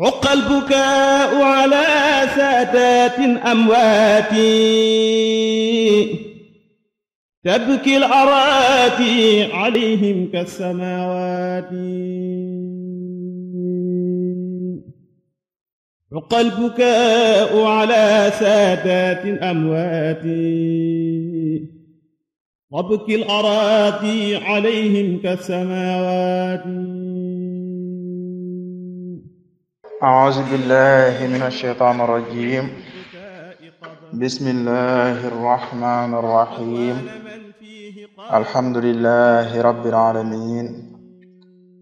حق البكاء على سادات أمواتي تبكي الأراتي عليهم كالسماوات حق البكاء على سادات أمواتي تبكي الأراتي عليهم كالسماوات أعوذ بالله من الشيطان الرجيم بسم الله الرحمن الرحيم الحمد لله رب العالمين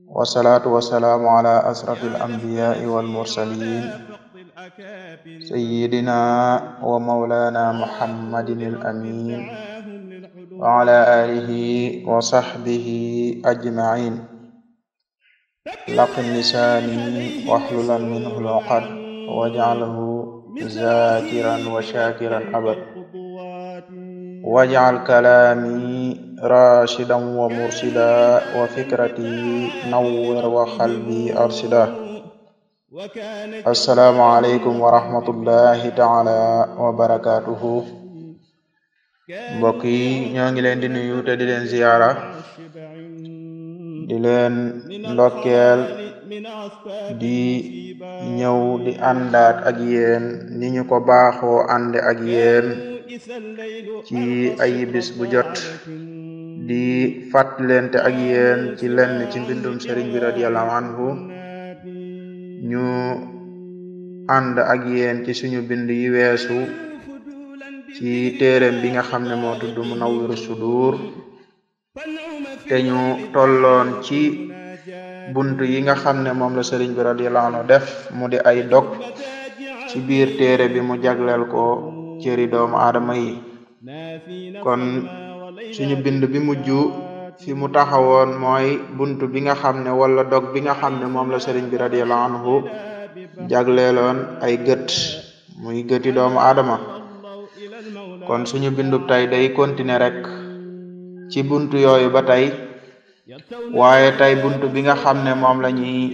والصلاة والسلام على أشرف الأنبياء والمرسلين سيدنا ومولانا محمد الأمين وعلى آله وصحبه أجمعين laqin lisaani waxlulan minhu loqad wajcalahu zaakiran wa shaakiran abad wajcal kalaami rashidan wa mursida wa fikrati nawwir wa qalbi arsida assalaamu aleykum wa rahmatullahi taala wa barakatuhu mbokk yi ñoo ngi leen di nuyu te di leen ndokkeel di ñëw di àndaat ak yéen ni ñu ko baaxoo ànde ak yéen ci ay bis bu jot di fàttalente ak yéen ci lenn ci mbindum sëriñ bi radiyallahu anhu ñu ànd ak yéen ci suñu bind yi weesu ci téereem bi nga xam ne moo tudd Munawwirus Sudur te ñu tolloon ci bunt yi nga xam ne moom la sëriñ bi radiyallahu anhu def mu di ay dog ci biir téere bi mu jagleel ko cëri doomu aadama yi kon suñu bind bi mujj fi mu taxawoon mooy bunt bi nga xam ne wala dog bi nga xam ne moom la sëriñ bi radiyallahu anhu jagleeloon ay gët muy gëti doomu aadama kon suñu bindu tey day continuer rek ci buntu yooyu ba tey waaye tey buntu bi nga xam ne moom la ñuy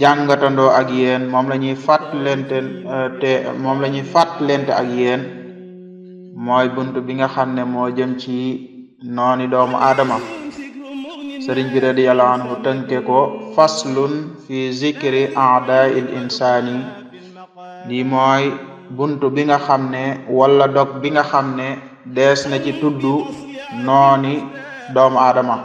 jàngatandoo ak yéen moom la ñuy fàttalente te moom la ñuy ak yéen mooy buntu bi nga xam ne moo jëm ci nooni doomu aadama sëriñ bi radiyallahu anhu tënke ko faslun fi zikri a'da'il insani di mooy buntu bi nga xam ne wala dog bi nga xam ne dees na ci tudd nooni doomu aadama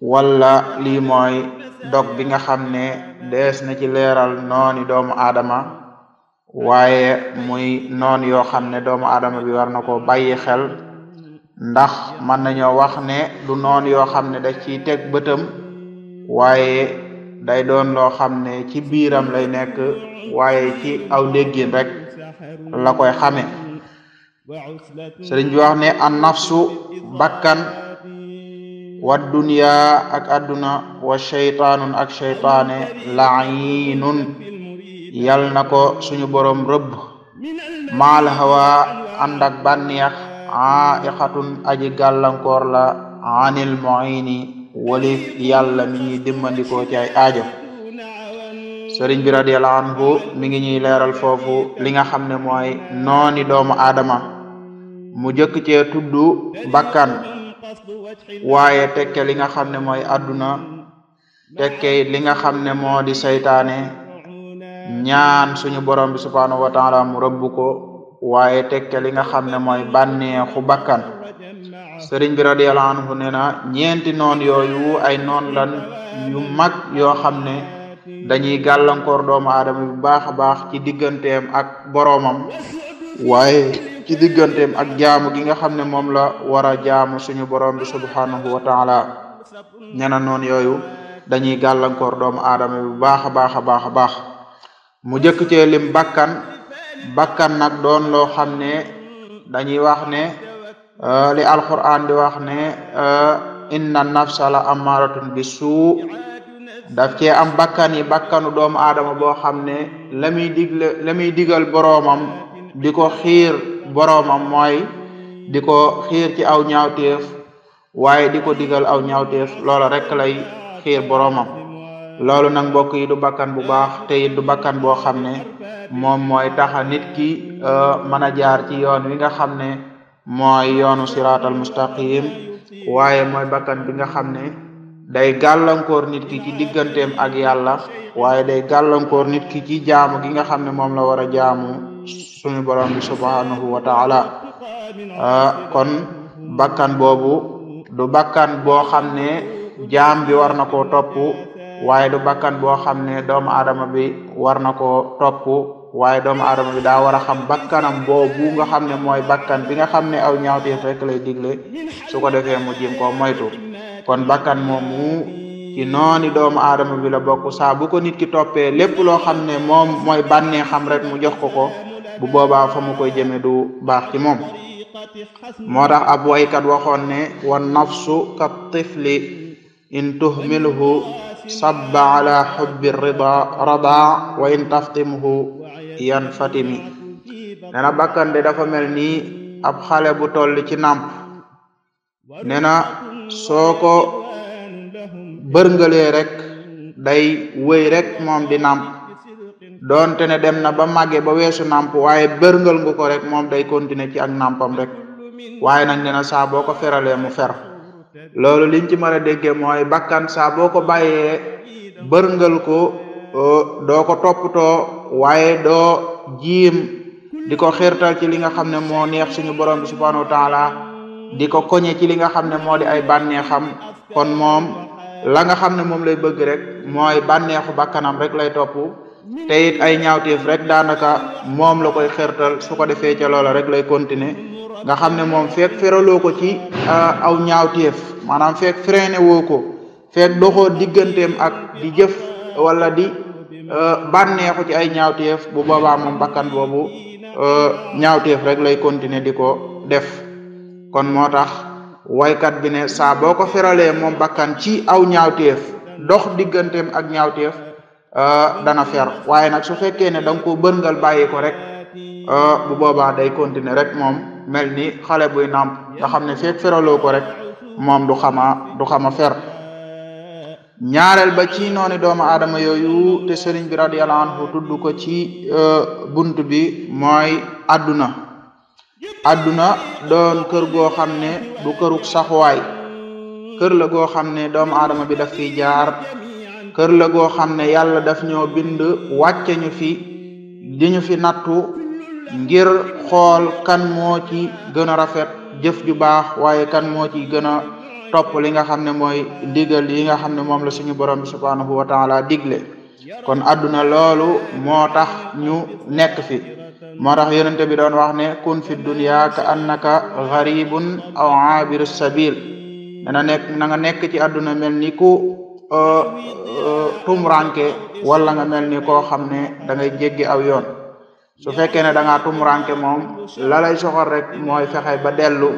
wala lii mooy dog bi nga xam ne dees na ci leeral nooni doomu aadama waaye muy noon yoo xam ne doomu aadama bi war na ko bàyyi xel ndax mën nañoo wax ne du noon yoo xam ne da ciy teg bëtam waaye day doon loo xam ne ci biiram lay nekk waaye ci aw déggin rek la koy xame sëriñ bi wax ne an nafsu bakkan wa dunya ak àdduna wa shaytaanun ak shaytaane lainun yal na ko suñu borom rëbb maal hawa ànd ak bànneex aji gàllankoor la anil muini walif yàlla mi ñuy dimmandikoo ci ay aajo sëriñ bi radiallahu anhu ñuy leeral foofu li nga xam ne mooy nooni doomu aadama mu jëkk cee tuddu bakkan waaye tekke li nga xam ne mooy àdduna tekke li nga xam ne moo di saytaane ñaan suñu borom bi subhaanahu wa mu rëbb ko waaye tekke li nga xam ne mooy bànneexu bakkan sëriñ bi radiyallahu anhu na ñeenti noon yooyu ay noon lan yu mag yoo xam ne dañuy gàllankoor doomu aadama bu baax a baax ci digganteem ak boroomam waaye ci digganteem ak jaamu gi nga xam ne moom la war a jaamu suñu borom bi subhanahu wa taala ñena noon yooyu dañuy gàllankoor doomu aadama bu baax a baax a baax a baax mu jëkk cee lim bakkan bakkan nag doon loo xam ne dañuy wax ne euh, li alquran di wax ne euh, inna nafsa la amaaratun bi suu daf cee am bakkan bakkanu doomu aadama boo xam ne la muy muy digal boroomam di ko xiir boromam mooy di ko xiir ci aw ñaawteef waaye di ko digal aw ñaawteef loola rek lay xiir boromam loolu nag mbokk yi du bakkan bu baax te it du bakkan boo xam ne moom mooy taxa nit ki euh, mën a jaar ci yoon wi nga xam ne mooy yoonu siraatal mustaqim waaye mooy bakkan bi nga xam ne day gàllankoor nit ki ci digganteem ak yàlla waaye day gàllankoor nit ki ci jaamu gi nga xam ne moom la war a jaamu suñu borom bi subhanahu wa taala ah, kon bakkan boobu du bakkan boo xam ne jaam bi war na koo topp waaye du bakkan boo xam ne doomu aadama bi war na koo topp waaye doomu aadama bi daa war a xam bakkanam boobu nga xam ne mooy bakkan bi nga xam ne aw ñaawteef rek lay digle su ko defee mu jéem koo moytu kon bakkan moomu ci nooni doomu bi la bokk saa bu ko nit ki toppee lépp loo xam ne moom mooy bànnee xam rek mu jox ko ko bu boobaa fa mu koy jëme du baax ci moom moo tax ab waykat waxoon ne wa nafsu ka tifli in tuhmilhu sabba ala xubbi rida wa in taftimhu yan fatimi nee na dafa mel ni ab xale bu toll ci nàmp nee na soo ko bërngalee rek day wëy rek moom di nàmp doonte ne dem na ba màggee ba wesu nàmp waaye bërngal nga ko rek moom day continuer ci ak nàmpam rek waaye nag nee na saa boo ko feralee mu fer loolu liñ ci mën a déggee mooy bakkan saa ko bàyyee bërngal ko doo ko toppatoo waaye doo jiim di ko xirtal ci li nga xam ne moo neex suñu borom bi subhanahu wa taala di ko koñe ci li nga xam ne moo di ay bànneexam kon moom la nga xam ne moom lay bëgg rek mooy bànneexu bakkanam rek lay topp te it ay ñaawteef rek daanaka moom la koy xertal su ko defee ca loola rek lay continuer nga xam ne moom feek feraloo ko ci uh, aw ñaawteef maanaam feek freiné woo ko feek doxoo digganteem ak di jëf wala di uh, bànneexu ci ay ñaawteef bu boobaa moom bakkan boobu uh, ñaawteef rek lay continuer di ko def kon moo tax waykat bi ne saa boo ko feralee moom bakkan ci aw ñaawteef dox digganteem ak ñaawteef Euh, dana fer waaye nag su fekkee ne da ko bërngal bàyyi ko rek euh, bu boobaa day continuer rek moom mel ni xale buy nàmp nga xam ne feek feraloo ko rek moom du xama du xama fer ñaareel ba ci noonu doomu aadama yooyu te sëriñ bi radiyallahu anhu tudd ko ci euh, bunt bi mooy àdduna àdduna doon kër goo xam ne du këruk saxuwaay kër la goo xam ne doomu aadama bi daf fiy jaar kër la goo xam ne yàlla def ñoo bind wàcce ñu fi di ñu fi nattu ngir xool kan moo ci gën a rafet jëf ju baax waaye kan moo ci gën a topp li nga xam ne mooy ndigal yi nga xam ne moom la suñu borom bi subhaanahu wa taala digle kon àdduna loolu moo tax ñu nekk fi moo tax yonente bi doon wax ne kun fi dunya ka annaka gharibun aw abiru sabil dana nekk ci àdduna mel ni Euh, euh, tumranke wala nga mel ni koo xam ne da ngay jéggi aw yoon su fekkee ne da ngaa tumranke moom la lay soxal rek mooy fexe ba dellu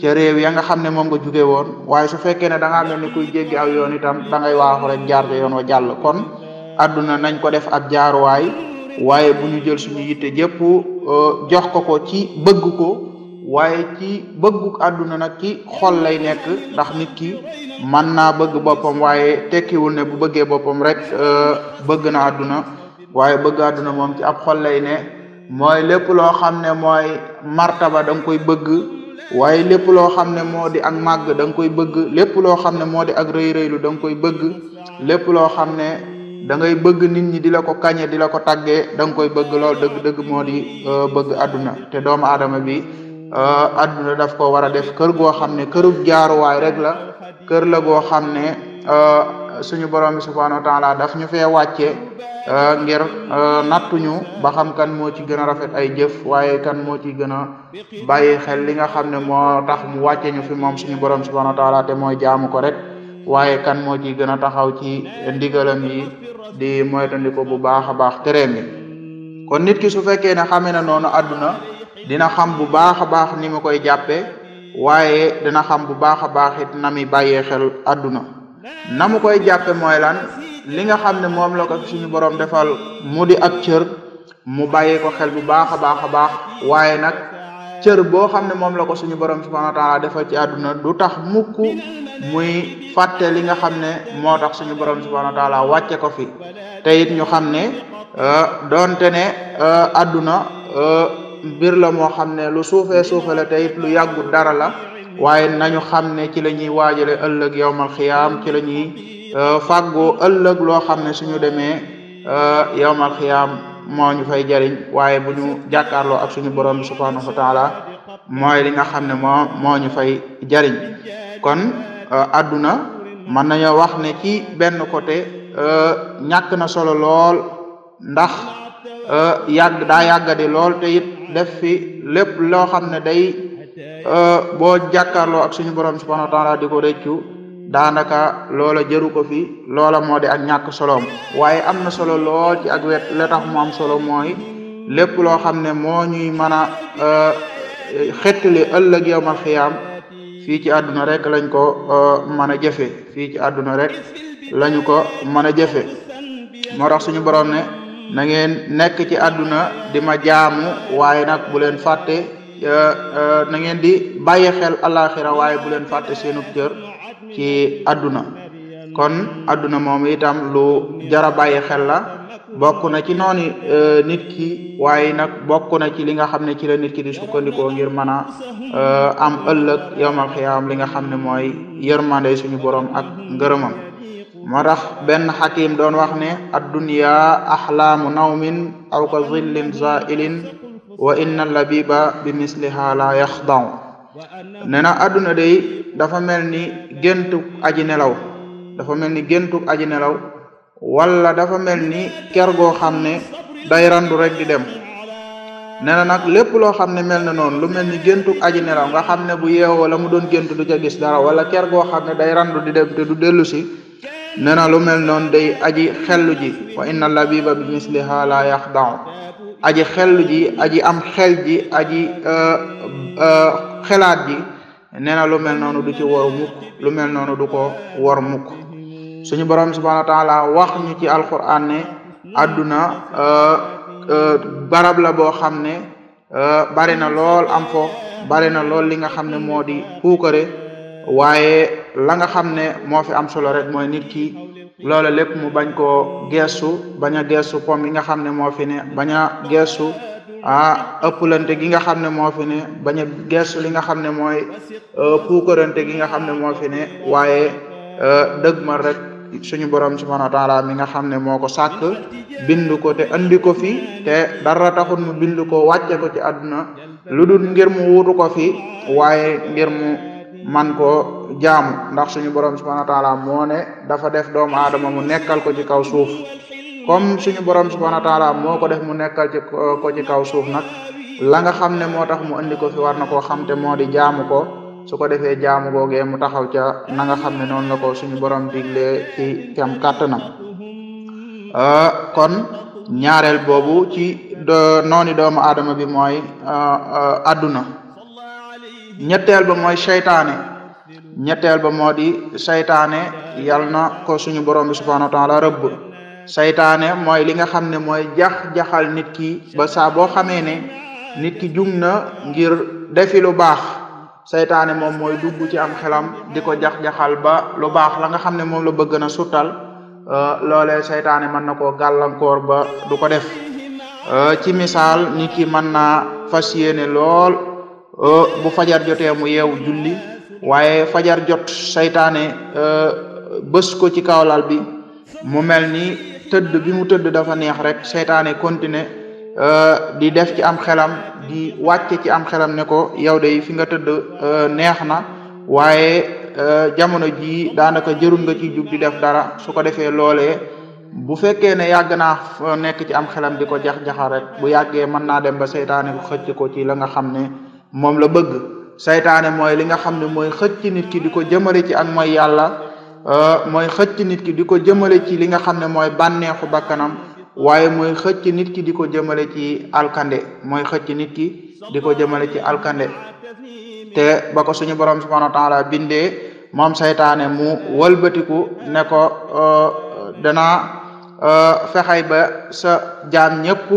ca réew ya nga xam ne moom nga jóge woon waaye su fekkee ne da kuy jéggi aw yoon itam da ngay waaxu rek jaar ca yoon wa jàll kon àdduna nañ ko def ab jaaruwaay waaye bu ñu jël suñu yitte jëpp euh, jox ko ko ci bëgg ko waaye ci bëggu àdduna nag ki xol lay nekk ndax nit ki mën naa bëgg boppam waaye tekkiwul ne bu bëggee boppam rek euh, bëgg na àdduna waaye bëgg àdduna moom ci ab xol lay ne mooy lépp loo xam ne mooy martaba da koy bëgg waaye lépp loo xam ne moo di ak màgg da koy bëgg lépp loo xam ne moo di ak rëy rëylu da koy bëgg lépp loo xam ne da bëgg nit ñi di la ko kañe di la ko tàggee da koy bëgg lool dëgg-dëgg moo di euh, bëgg àdduna te doomu aadama bi Euh, adduna daf ko war a def kër goo xam ne kërug jaaruwaay rek la kër la goo xam ne euh, suñu borom bi subhanahu wa taala daf ñu fee wàcce euh, ngir nattuñu ba xam kan moo ci gën a rafet ay jëf waaye kan moo ci gën a bàyyi xel li nga xam ne moo tax mu wàcce ñu fi moom suñu borom bi subhanahu wa taala te mooy jaamu ko rek waaye kan moo ci gën a taxaw ci ndigalam yi di moytandiko bu baax a baax tereem yi kon nit ki su fekkee ne na noonu àdduna dina xam bu baax a baax ni mu koy jàppe waaye dina xam bu baax a baax it na mi bàyyee xel àdduna na mu koy jàppe mooy lan li nga xam ne moom la suñu borom defal mu di ab cër mu bàyyi ko xel bu baax a baax a baax waaye nag cër boo xam ne moom la ko suñu borom subhanahu wa taala defal ci àdduna du tax mukk muy fàtte li nga xam ne moo tax suñu borom subhanahu wa taala wàcce ko fi te it ñu xam ne euh, doonte ne euh, àdduna euh, mbir la moo xam ne lu suufee suufe la te lu yàggut dara la waaye nañu xam ne ci la ñuy waajale ëllëg yowmal xiyaam ci la ñuy euh, fàggoo ëllëg loo xam ne suñu demee euh, yowmal xiyaam moo ñu fay jariñ waaye bu ñu jàkkaarloo ak suñu borom bi subhanahu wa taala mooy li nga xam ne moo moo ñu fay jariñ kon adduna euh, mën nañoo wax ne ci benn côté ñàkk na solo lool ndax yàgg da yàggadi lool te def fi lépp loo xam ne day euh, boo jàkkaarloo ak suñu borom subhanahu wa taala di ko rëccu daanaka loola jëru ko fi loola moo di ak ñàkk soloom waaye am na solo lool ci ak wet la tax solo mooy lépp loo xam ne moo ñuy mën a euh, xettali ëllëg yowmal xiyaam fii ci àdduna rek lañ ko euh, mën a jëfe fii ci àdduna rek lañu ko mën a jëfe moo tax suñu borom ne na ngeen nekk ci àdduna di ma jaamu waaye nag bu leen fàtte euh, euh, nangeen di bàyyi xel alaxira waaye bu leen fàtte seenu cër ci àdduna kon àdduna moom itam lu jara bàyyi xel la bokk na ci noonu euh, nit ki waaye nag bokk na ci li nga xam ne ci la nit ki di sukkandikoo ngir mën a am ëllëg yawmal xiyaam li nga xam ne mooy yërmande suñu borom ak ngërëmam moo tax benn xakim doon wax ne addunya axlaamu nawmin aw ka zillin zailin wa inna labiba bi misliha la yaxdaw nee na adduna day dafa mel ni géntuk aji nelaw dafa mel ni géntuk aji nelaw wala dafa mel ni ker goo xam ne day randu rek di dem nee na nag lépp loo xam ne mel na noonu lu mel ni géntuk aji nelaw nga xam ne bu yeewoo la mu doon géntu du ca gis dara wala ker goo xam ne day randu di dem te du dellu si nena na lu mel noonu day aji xellu ji wa inna labiba bi misliha la yaxdau aji xellu ji aji am xel ji aji euh, euh, xelaat ji nee na lu mel noonu du ci war mukk lu mel noonu du ko war mukk suñu borom subhanahu wa wax ñu ci alquran ne adduna euh, barab la boo xam ne bari na lool am fo bari na lool li nga xam ne moo di puukare waaye la nga xam ne moo fi am solo rek mooy nit ki loola lépp mu bañ koo geestu bañ a geestu pom yi nga xam ne moo fi ne bañ a geestu ah ëppalante gi nga xam ne moo fi ne bañ a li nga xam ne mooy e, puukarante gi nga xam ne moo fi ne waaye e, dëgg ma rek suñu borom subhanahu wa taala mi nga xam ne moo ko sàkk bind ko te andi ko fi te dara taxul mu bind ko wàcce ko ci àdduna lu dul ngir mu ko fi waaye ngir man koo jaamu ndax suñu borom subhanahu wa taala moo dafa def doomu aadama mu nekkal ko ci kaw suuf comme suñu borom subhanahu wa taala moo ko def mu nekkal ci ko ci kaw suuf nag la nga xam ne moo tax mu andi ko fi war na koo xam te moo di jaamu ko su ko defee jaamu googee mu taxaw ca na nga xam ne noonu la ko suñu borom diglee ci kem kàttanam euh, kon ñaareel boobu ci nooni doomu aadama bi mooy euh, euh, adduna ñetteel ba mooy seytaane ñetteel ba moo di seytaane yal na ko suñu borom bi subhanahu wa taala rëbb seytaane mooy li nga xam ne mooy jax-jaxal nit ki ba saa boo xamee ne nit ki jug na ngir defi lu baax seytaane moom mooy dugg ci am xelam di ko jax-jaxal ba lu baax la nga xam ne moom la bëgg na suttal euh, loole seytaane mën na koo gàllankoor ba du ko def euh, ci misaal nit ki mën na fas yéene lool Euh, bu fajar jotee mu yew julli waaye fajar jot saytaane euh, bës ko ci kawlal bi mu mel ni tëdd bi mu tëdd dafa neex rek saytaane continuer euh, di def ci am xelam di wàcce ci am xelam ne ko yow de fi nga tëdd neex na waaye jamono ji daanaka jërul nga ci jug di def dara su ko defee loole bu fekkee ne yàgg naa nekk ci am xelam di ko jax-jaxal rek bu yàggee mën naa dem ba seytaane ko xëcc ko ci la nga xam ne moom la bëgg saytaane mooy li nga xam ne mooy xëcc nit ki di ko jëmale ci ak mooy yàlla euh, mooy xëcc nit ki di ko jëmale ci li nga xam ne mooy bànneexu bakkanam waaye mooy xëcc nit ki di ko jëmale ci alkande mooy xëcc nit ki di ko jëmale ci alkande te ba ko suñu borom subhanahu wa taala bindee moom saytaane mu walbatiku ne ko euh, danaa euh, fexey ba sa jaam ñëpp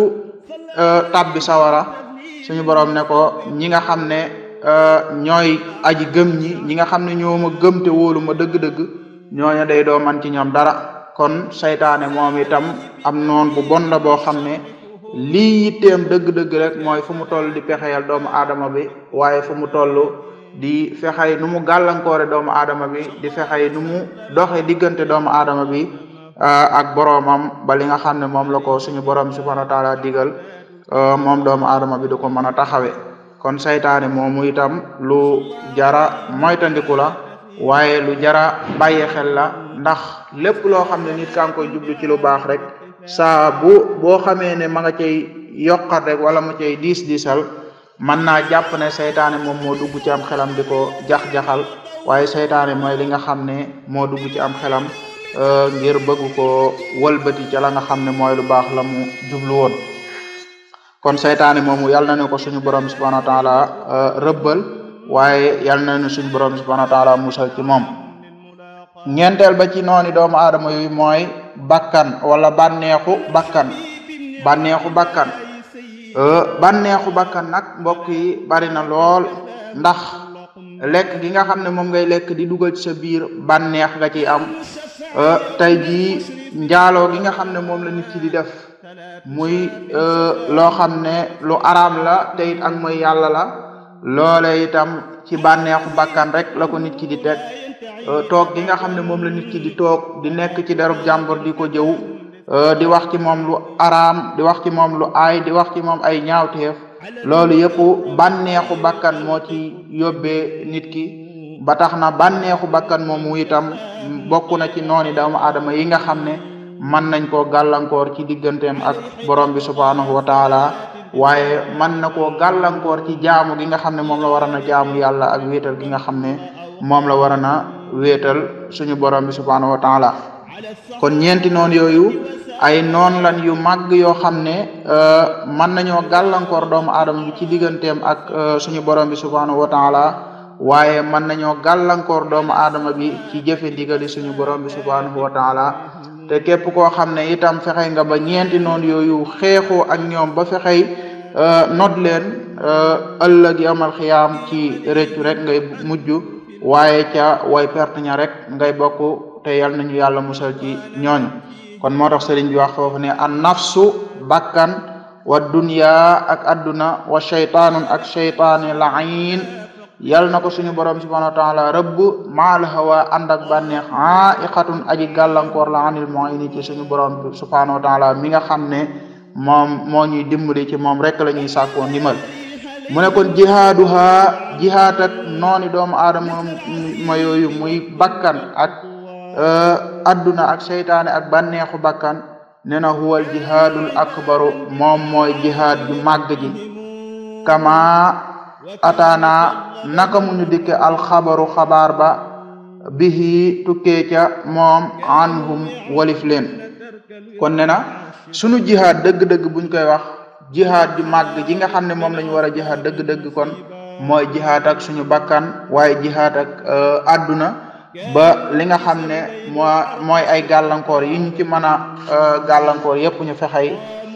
tàbbi sawara suñu borom ne ko ñi nga xam ne euh, ñooy aji gëm ñi ñi nga xam ne ñoo ma gëm te ma dëgg-dëgg ñooñu day doo man ci ñoom dara kon saytaane moom itam am noon bu bon la boo xam ne lii yitteem dëgg-dëgg rek mooy fu mu toll di pexeyal doomu aadama bi waaye fu mu toll di fexey nu mu gàllankoore doomu aadama bi di fexey nu mu doxe diggante doomu aadama bi euh, ak boroomam ba li nga xam ne moom la ko suñu borom subhanahu wa taala digal Euh, moom doomu aadama bi du ko mën a taxawee kon saytaane moomu itam lu jara moytandiku la waaye lu jara bàyyi xel la ndax lépp loo xam ne nit kaa koy jublu ci lu baax rek saa bu boo xamee ne ma nga cay yokkat rek wala mu cay diis diisal mën naa jàpp ne saytaane moom moo dugg ci am xelam di ko jax-jaxal waaye saytaane mooy li nga xam ne moo dugg ci am xelam euh, ngir bëgg ko wëlbati ca la nga xam ne mooy lu baax la mu jublu woon kon saytaane moomu yàlla na ko suñu borom subhanahu wa taala euh, rëbbal waaye yàlla na ne suñu borom subhanahu wa taala musal ci moom ñeenteel ba ci noonu doomu aadama yi mooy bakkan wala bànneexu bakkan banneexu bakkan euh, bànneexu bakkan nag mbokk yi bari na lool ndax lekk gi nga xam ne moom ngay lekk di dugal ci sa biir bànneex nga ciy am euh, tey jii njaaloo gi nga xam ne moom la nit ki di def. muy euh, loo xam ne lu araam la te it ak mooy yàlla la loole itam ci bànneexu bakkan rek la ko nit ki di teg euh, toog gi nga xam ne moom la nit ki di toog di nekk ci derub jàmbur di ko jëw euh, di wax ci moom lu araam di wax ci moom lu aay di wax ci moom ay ñaawteef loolu yëpp bànneexu bakkan moo ci yóbbee nit ki ba tax na bànneexu bakkan moomu itam bokk na ci nooni doomu aadama yi nga xam ne mën nañ ko gàllankoor ci digganteem ak borom bi subhaanahu wa taala waaye mën na ko gàllankoor ci jaamu gi nga xam ne moom la war na jaamu yàlla ak wéetal gi nga xam ne moom la war a na wéetal suñu borom bi subhaanahu wa taala kon ñeenti noon yooyu ay noon lan yu màgg yoo xam ne euh, mën nañoo gàllankoor doomu aadama bi ci digganteem ak euh, suñu borom bi subhaanahu wa taala waaye mën nañoo gàllankoor doomu aadama bi ci jëfe ndigali suñu borom bi subhaanahu wa te képp koo xam ne itam fexey nga ba ñeenti noonu yooyu xeexoo ak ñoom ba fexey euh, not leen euh, ëllëg yamal xiyaam ci réccu rek ngay mujj waaye ca way perte ña rek ngay bokk te yal nañu yàlla musal ci ñooñ kon moo tax sëriñ bi wax foofu ne an nafsu bakkan wa dunya ak adduna wa shaytaanun ak shaytaani la'in yal na ko suñu borom subhanahu wa taala rëbb maal hawa ànd ak bànneex ah iqatun aji gàllankoor la anil mu'ini ci suñu borom subhanahu wa taala mi nga xam ne moom moo ñuy dimbali ci moom rek la ñuy sàkkoo ndimbal mu ne kon jihaaduha jihaat ak nooni doomu aadama ma yooyu muy bakkan ak euh, adduna ak seytaane ak banneexu bakkan ne na huwal jihaadul akbaru moom mooy jihaad ju màgg kama ataana naka mu ñu dikke alxabaru xabaar ba bihi tukkee ca moom anhum walif leen kon ne na sunu jihaad dëgg-dëgg buñ koy wax jihaad ju màgg ji nga xam ne moom la ñu war a jihaad dëgg-dëgg kon mooy jihaad ak suñu bakkan waaye jihaad ak euh, àdduna ba li nga xam ne moo mooy ay gàllankoor yi ñu ci mën a euh, gàllankoor yépp ñu fexey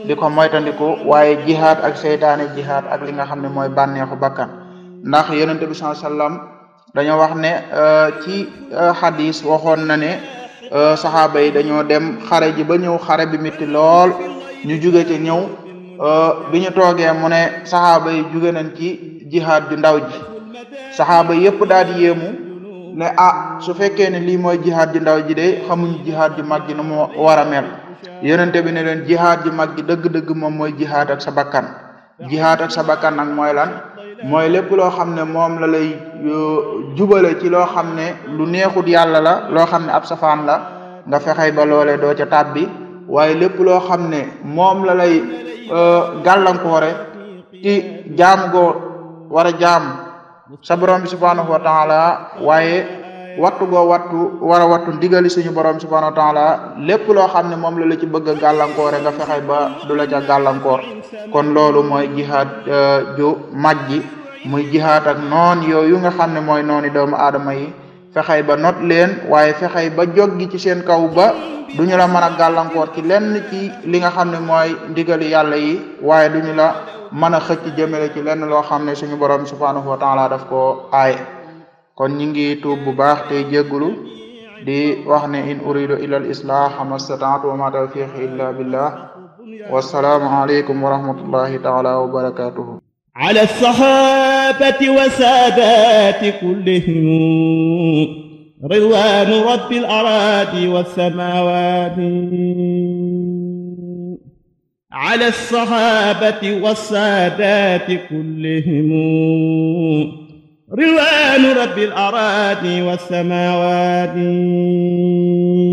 di ko moytandiku waaye jihaad ak seytaane jihaad ak li nga xam ne mooy bànneexu bakkan ndax yonent bi sallallahu alayhi dañoo wax ne euh, ci euh, xadis waxoon na ne euh, saxaaba yi dañoo dem xare ji ba ñëw xare bi métti lool ñu juge ci ñëw bi ñu toogee mu ne saxaaba yi juge nañ ci jihaad ju ndaw ji saxaaba yëpp daal di yéemu ne ah su fekkee ne lii mooy jihaad ju ndaw ji de xamuñu jihaad ju mag ji nu mu war a mel yonente bi ne leen jihaad ji mag ji dëgg-dëgg moom mooy jihaad ak sa bakkan jihaad ak sa bakkan nag mooy lan mooy lépp loo xam ne moom la lay euh, jubale ci loo xam ne lu neexut yàlla la loo xam ne ab safaan la nga fexey ba loolee doo ca tàbbi waaye lépp loo xam ne moom la lay euh, gàllankoore ci jaam goo war a jaam sa borom bi subhanahu wa taala waaye wattu goo wattu war a wattu ndigali suñu borom subhanahu wa la lépp loo xam ne moom la la ci bëgg a gàllankoore nga a ba du la ca gàllankoor kon loolu mooy jihaad euh, ju mag ji muy jihaad ak yooyu nga xam ne mooy nooni doomu aadama yi fexey ba not leen waaye fexey ba joggi ci seen kaw ba du ñu la mën a gàllankoor ci lenn ci li nga xam ne mooy ndigali yàlla yi waaye duñu la mën a xëcc jëmale ci lenn loo xam ne suñu borom subhanahu wa taala daf ko aaye kon ñi ngi tuub bu baax tey jéggulu di wax ne in uridu illa al islaha mastataatu wa ma tawfiqi illa billah wassalaamu aleykum wa rahmatullahi taala wa barakatuhu ala sahabati wa saadati kullihim ridwanu rabbil aradi wassamawati على الصحابة والسادات كلهم ridwaanu rabbil araadi was samaawaati